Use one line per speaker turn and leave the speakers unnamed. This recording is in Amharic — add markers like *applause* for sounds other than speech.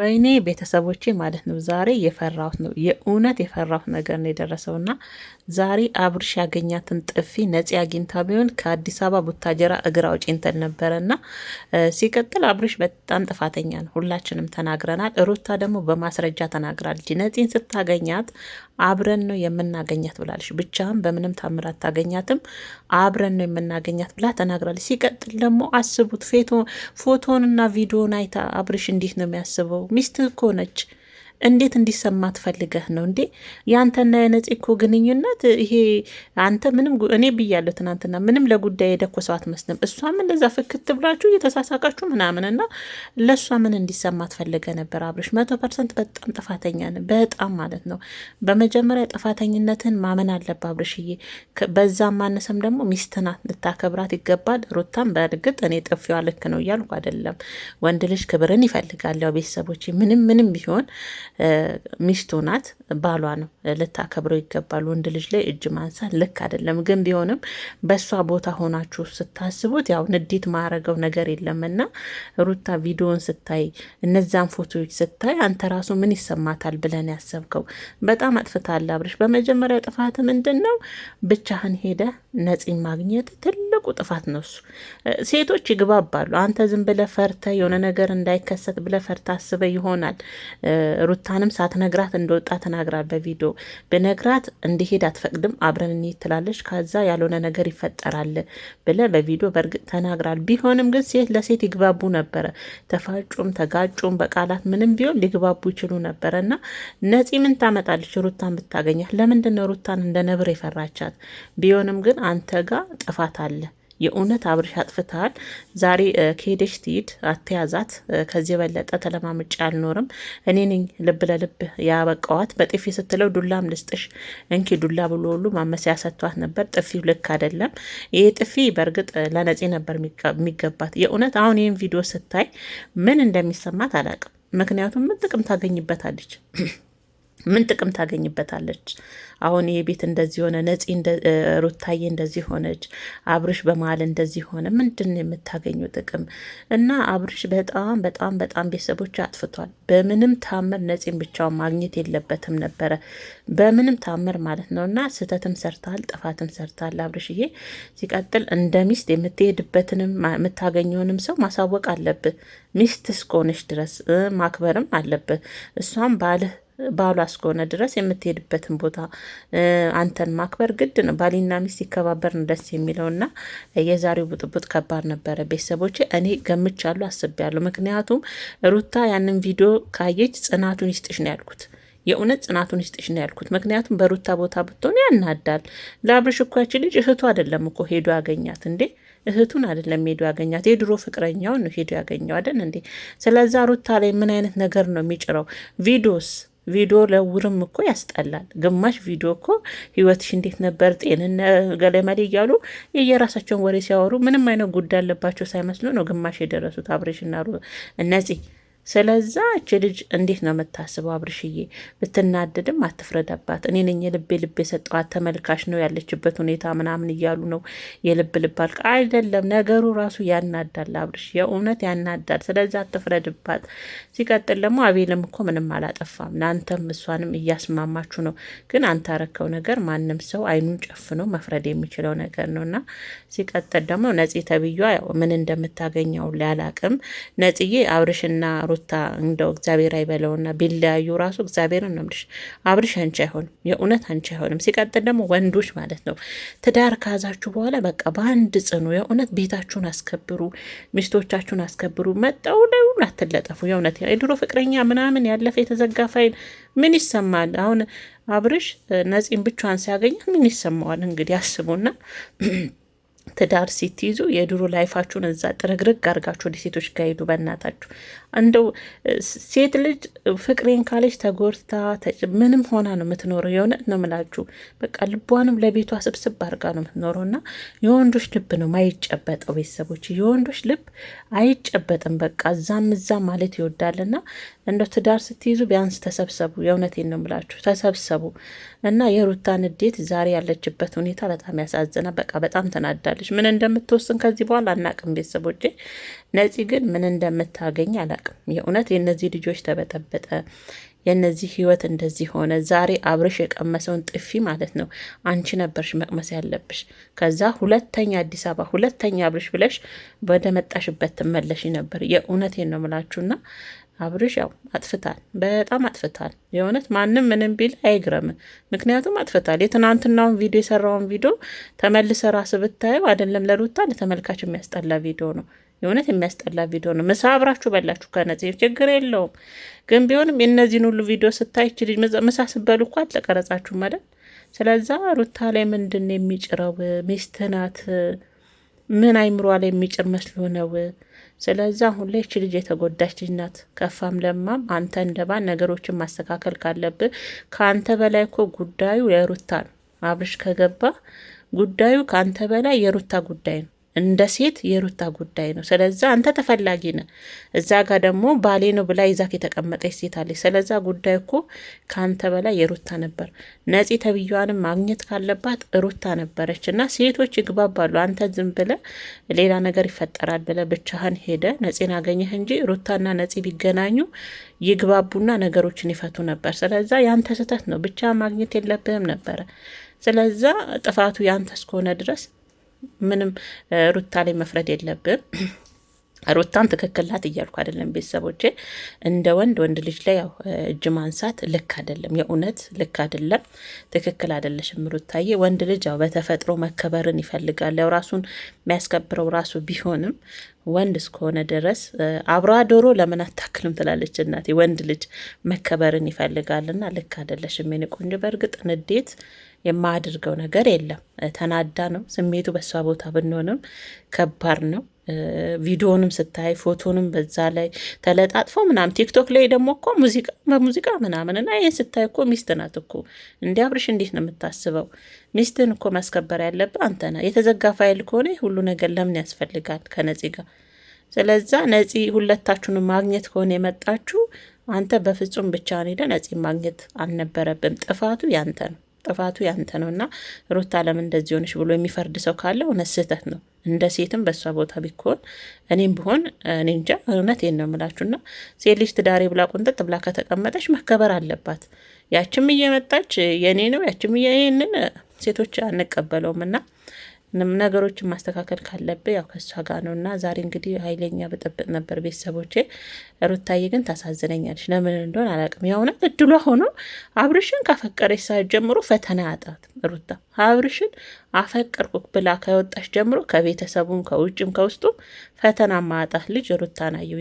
ወይኔ ቤተሰቦቼ ማለት ነው። ዛሬ የፈራሁት ነው የእውነት የፈራሁት ነገር ነው የደረሰው ና ዛሬ አብርሽ ያገኛትን ጥፊ ነፂ አግኝታ ቢሆን ከአዲስ አበባ ቡታጀራ እግር አውጪኝ እንትን ነበረና፣ ሲቀጥል አብርሽ በጣም ጥፋተኛ ነው፣ ሁላችንም ተናግረናል። ሩታ ደግሞ በማስረጃ ተናግራለች። ነፂን ስታገኛት አብረን ነው የምናገኛት ብላለች። ብቻም በምንም ታምር አታገኛትም፣ አብረን ነው የምናገኛት ብላ ተናግራለች። ሲቀጥል ደግሞ አስቡት ፎቶንና ቪዲዮን አይታ አብርሽ እንዴት ነው የሚያስበው ሚስትህ እኮ ነች እንዴት እንዲሰማ ትፈልገህ ነው እንዴ? የአንተና የነፂ እኮ ግንኙነት ይሄ አንተ ምንም እኔ ብያለሁ ትናንትና፣ ምንም ለጉዳይ የደኮ ሰው አትመስልም። እሷም እንደዛ ፍክት ብላችሁ እየተሳሳቃችሁ ምናምን እና ለእሷ ምን እንዲሰማ ትፈልገ ነበር? አብርሽ መቶ ፐርሰንት በጣም ጥፋተኛ ነህ፣ በጣም ማለት ነው። በመጀመሪያ ጥፋተኝነትን ማመን አለብህ አብርሽዬ። በዛ ማነሰም ደግሞ ሚስት ናት፣ ልታከብራት ይገባል። ሩታም በእርግጥ እኔ ጥፊዋ ልክ ነው እያልኩ አይደለም። ወንድ ልጅ ክብርን ይፈልጋል። ያው ቤተሰቦች ምንም ምንም ቢሆን ሚስቱ ናት፣ ባሏ ነው፣ ልታከብረው ይገባል። ወንድ ልጅ ላይ እጅ ማንሳት ልክ አይደለም። ግን ቢሆንም በእሷ ቦታ ሆናችሁ ስታስቡት ያው ንዴት ማረገው ነገር የለም እና ሩታ ቪዲዮን ስታይ እነዛን ፎቶዎች ስታይ አንተ ራሱ ምን ይሰማታል ብለን ያሰብከው በጣም አጥፍታ አብርሽ። በመጀመሪያ ጥፋት ምንድን ነው? ብቻህን ሄደ ነፂ ማግኘት ትል ትልቁ ጥፋት ነው እሱ። ሴቶች ይግባባሉ። አንተ ዝም ብለህ ፈርተህ የሆነ ነገር እንዳይከሰት ብለህ ፈርተህ አስበህ ይሆናል። ሩታንም ሳትነግራት እንደወጣ ተናግራል በቪዲዮ በነግራት እንዲሄድ አትፈቅድም፣ አብረን እንሂድ ትላለች፣ ከዛ ያልሆነ ነገር ይፈጠራል ብለህ በቪዲዮ በእርግጥ ተናግራል። ቢሆንም ግን ሴት ለሴት ይግባቡ ነበረ። ተፋጩም ተጋጩም በቃላት ምንም ቢሆን ሊግባቡ ይችሉ ነበረ እና ነፂ ምን ታመጣለች ሩታን ብታገኛት? ለምንድን ነው ሩታን እንደ ነብር የፈራቻት? ቢሆንም ግን አንተ ጋር ጥፋት አለ። የእውነት አብርሽ አጥፍተሃል። ዛሬ ከሄደሽ ትሂድ፣ አትያዛት። ከዚህ የበለጠ ተለማምጬ አልኖርም። እኔ ነኝ ልብ ለልብ ያበቃዋት። በጥፊ ስትለው ዱላም ልስጥሽ እንኪ ዱላ ብሎ ሁሉ ማመሰያ ሰጥቷት ነበር። ጥፊ ልክ አይደለም። ይሄ ጥፊ በእርግጥ ለነጽ ነበር የሚገባት። የእውነት አሁን ይህን ቪዲዮ ስታይ ምን እንደሚሰማት አላቅም። ምክንያቱም ምን ጥቅም ታገኝበታለች? *clears throat* ምን ጥቅም ታገኝበታለች? አሁን ይሄ ቤት እንደዚህ ሆነ፣ ነፂ ሩታዬ እንደዚህ ሆነች፣ አብርሽ በመሀል እንደዚህ ሆነ፣ ምንድን ነው የምታገኙ ጥቅም? እና አብርሽ በጣም በጣም በጣም ቤተሰቦች አጥፍቷል። በምንም ታምር ነፂን ብቻውን ማግኘት የለበትም ነበረ፣ በምንም ታምር ማለት ነው። እና ስህተትም ሰርታል፣ ጥፋትም ሰርታል አብርሽዬ። ሲቀጥል እንደ ሚስት የምትሄድበትንም የምታገኘውንም ሰው ማሳወቅ አለብህ። ሚስት እስከሆነች ድረስ ማክበርም አለብህ። እሷም ባልህ ባሏ እስከሆነ ድረስ የምትሄድበትን ቦታ አንተን ማክበር ግድ ነው። ባሊና ሚስት ሲከባበር ደስ የሚለው የሚለውና የዛሬው ብጥብጥ ከባድ ነበረ። ቤተሰቦች እኔ ገምቻለሁ፣ አስቤያለሁ። ምክንያቱም ሩታ ያንን ቪዲዮ ካየች ጽናቱን ይስጥሽ ነው ያልኩት። የእውነት ጽናቱን ይስጥሽ ነው ያልኩት። ምክንያቱም በሩታ ቦታ ብትሆን ያናዳል። ለአብርሽ እኮ ያቺ ልጅ እህቱ አይደለም እኮ ሄዶ ያገኛት እንዴ እህቱን አይደለም ሄዶ ያገኛት፣ የድሮ ፍቅረኛውን ነው ሄዶ ያገኘው አይደል እንዴ? ስለዛ ሩታ ላይ ምን አይነት ነገር ነው የሚጭረው ቪዲዮስ ቪዲዮ ለውርም እኮ ያስጠላል። ግማሽ ቪዲዮ እኮ ህይወትሽ እንዴት ነበር ጤንነ ገለመሌ እያሉ የየራሳቸውን ወሬ ሲያወሩ ምንም አይነት ጉዳይ አለባቸው ሳይመስሉ ነው ግማሽ የደረሱት አብሬሽና እነዚህ ስለዛ እች ልጅ እንዴት ነው የምታስበው? አብርሽዬ ብትናደድም አትፍረደባት። እኔ ነኝ የልቤ ልብ የሰጠዋት ተመልካች ነው ያለችበት ሁኔታ ምናምን እያሉ ነው የልብ ልብ አልክ አይደለም። ነገሩ ራሱ ያናዳል አብርሽ፣ የእውነት ያናዳል። ስለዛ አትፍረድባት። ሲቀጥል ደግሞ አቤልም እኮ ምንም አላጠፋም። ለአንተም እሷንም እያስማማችሁ ነው። ግን አንተ ነገር ማንም ሰው አይኑን ጨፍኖ መፍረድ የሚችለው ነገር ነው እና ሲቀጥል ደግሞ ነጽ ተብዬ ምን እንደምታገኘው ሊያላቅም ነጽዬ አብርሽና ሩታ እንደው እግዚአብሔር አይበለውና ቢለያዩ ራሱ እግዚአብሔርን ነው የምልሽ፣ አብርሽ አንቺ አይሆንም፣ የእውነት አንቺ አይሆንም። ሲቀጥል ደግሞ ወንዶች ማለት ነው ትዳር ካዛችሁ በኋላ በቃ በአንድ ጽኑ፣ የእውነት ቤታችሁን አስከብሩ፣ ሚስቶቻችሁን አስከብሩ። መጠው ለሁን አትለጠፉ። የእውነት የድሮ ፍቅረኛ ምናምን ያለፈ የተዘጋ ፋይል ምን ይሰማል አሁን አብርሽ ነፂን ብቻዋን ሲያገኛት ምን ይሰማዋል? እንግዲህ አስቡና ትዳር ሲትይዙ የድሮ ላይፋችሁን እዛ ጥርግርግ አድርጋችሁ ወደ ሴቶች ጋር ሄዱ። በእናታችሁ እንደው ሴት ልጅ ፍቅሬን ካለች ተጎድታ ምንም ሆና ነው የምትኖረው። የእውነት ነው ምላችሁ። በቃ ልቧንም ለቤቷ ስብስብ አድርጋ ነው የምትኖረው እና የወንዶች ልብ ነው ማይጨበጠው። ቤተሰቦች የወንዶች ልብ አይጨበጥም። በቃ እዛም እዛ ማለት ይወዳል እና እንደው ትዳር ስትይዙ ቢያንስ ተሰብሰቡ። የእውነቴን ነው ምላችሁ፣ ተሰብሰቡ እና የሩታን እዴት ዛሬ ያለችበት ሁኔታ በጣም ያሳዝናል። በቃ በጣም ተናዳል። ትወስናለች። ምን እንደምትወስን ከዚህ በኋላ አናቅም። ቤተሰቦቼ ነፂ ግን ምን እንደምታገኝ አላቅም። የእውነት የእነዚህ ልጆች ተበጠበጠ የነዚህ ህይወት እንደዚህ ሆነ። ዛሬ አብርሽ የቀመሰውን ጥፊ ማለት ነው አንቺ ነበርሽ መቅመስ ያለብሽ። ከዛ ሁለተኛ አዲስ አበባ ሁለተኛ አብርሽ ብለሽ ወደ መጣሽበት ትመለሽ ነበር። የእውነቴን ነው ምላችሁና አብርሽ ያው አጥፍታል፣ በጣም አጥፍታል። የእውነት ማንም ምንም ቢል አይግረም፣ ምክንያቱም አጥፍታል። የትናንትናውን ቪዲዮ የሰራውን ቪዲዮ ተመልሰ ራስ ብታየው አይደለም ለሩታ ለተመልካች የሚያስጠላ ቪዲዮ ነው። የእውነት የሚያስጠላ ቪዲዮ ነው። ምሳ አብራችሁ በላችሁ ከነጽ ችግር የለውም ግን ቢሆንም የእነዚህን ሁሉ ቪዲዮ ስታይች ልጅ ምሳ ስበሉ እኮ አልተቀረጻችሁም አይደል? ስለዛ ሩታ ላይ ምንድን የሚጭረው? ሚስት ናት። ምን አይምሯ ላይ የሚጭር መስሎ ነው? ስለዚ አሁን ላይ እች ልጅ የተጎዳች ልጅ ናት። ከፋም ለማም አንተ እንደባን ነገሮችን ማስተካከል ካለብህ ከአንተ በላይ እኮ ጉዳዩ የሩታ ነው። አብርሽ ከገባ ጉዳዩ ከአንተ በላይ የሩታ ጉዳይ ነው። እንደ ሴት የሩታ ጉዳይ ነው። ስለዚ አንተ ተፈላጊ ነ እዛ ጋር ደግሞ ባሌ ነው ብላ ይዛክ የተቀመጠች ሴት አለች። ስለዛ ጉዳይ እኮ ከአንተ በላይ የሩታ ነበር። ነፂ ተብዬዋንም ማግኘት ካለባት ሩታ ነበረች። እና ሴቶች ይግባባሉ። አንተ ዝም ብለ ሌላ ነገር ይፈጠራል ብለ ብቻህን ሄደ ነፂን አገኘህ እንጂ ሩታና ነፂ ቢገናኙ ይግባቡና ነገሮችን ይፈቱ ነበር። ስለዚ ያንተ ስህተት ነው። ብቻ ማግኘት የለብህም ነበረ። ስለዛ ጥፋቱ ያንተ እስከሆነ ድረስ ምንም ሩታ ላይ መፍረድ የለብን። *clears throat* ሩታም ትክክል ናት እያልኩ አይደለም። ቤተሰቦቼ እንደ ወንድ ወንድ ልጅ ላይ ያው እጅ ማንሳት ልክ አይደለም፣ የእውነት ልክ አይደለም፣ ትክክል አይደለሽም ሩታዬ። ወንድ ልጅ ያው በተፈጥሮ መከበርን ይፈልጋል። ያው ራሱን የሚያስከብረው ራሱ ቢሆንም ወንድ እስከሆነ ድረስ አብራ ዶሮ ለምን አታክልም ትላለች እናቴ። ወንድ ልጅ መከበርን ይፈልጋልና ልክ አይደለሽም የኔ ቆንጆ። በእርግጥ ንዴት የማያደርገው ነገር የለም። ተናዳ ነው ስሜቱ። በእሷ ቦታ ብንሆንም ከባድ ነው። ቪዲዮንም ስታይ ፎቶንም በዛ ላይ ተለጣጥፎ ምናምን ቲክቶክ ላይ ደግሞ እኮ ሙዚቃ በሙዚቃ ምናምን እና ይህን ስታይ እኮ ሚስት ናት እኮ እንዲ አብርሽ፣ እንዴት ነው የምታስበው? ሚስትን እኮ ማስከበር ያለብህ አንተ ነህ። የተዘጋ ፋይል ከሆነ ሁሉ ነገር ለምን ያስፈልጋል ከነፂ ጋር? ስለዛ ነፂ ሁለታችሁን ማግኘት ከሆነ የመጣችሁ አንተ በፍጹም ብቻ ሄደ ነፂ ማግኘት አልነበረብም። ጥፋቱ ያንተ ነው። ጥፋቱ ያንተ ነው እና ሩታ ለምን እንደዚህ ሆነሽ ብሎ የሚፈርድ ሰው ካለ እውነት ስህተት ነው። እንደ ሴትም በእሷ ቦታ ቢኮን እኔም ብሆን እኔ እንጃ እውነት ነው የምላችሁና ሴት ልጅ ትዳሬ ብላ ቁንጥጥ ብላ ከተቀመጠች መከበር አለባት። ያችም እየመጣች የእኔ ነው ያችም የእኔን ሴቶች አንቀበለውም እና ነገሮችን ማስተካከል ካለብህ ያው ከሷ ጋር ነው እና ዛሬ እንግዲህ ኃይለኛ ብጥብጥ ነበር ቤተሰቦቼ። ሩታዬ ግን ታሳዝነኛለች። ለምን እንደሆን አላውቅም። ያውና እድሏ ሆኖ አብርሽን ካፈቀረች ሰዓት ጀምሮ ፈተና ያጣት ሩታ አብርሽን አፈቀርኩ ብላ ከወጣች ጀምሮ ከቤተሰቡም ከውጭም ከውስጡም ፈተና ማጣት ልጅ ሩታ ናየው።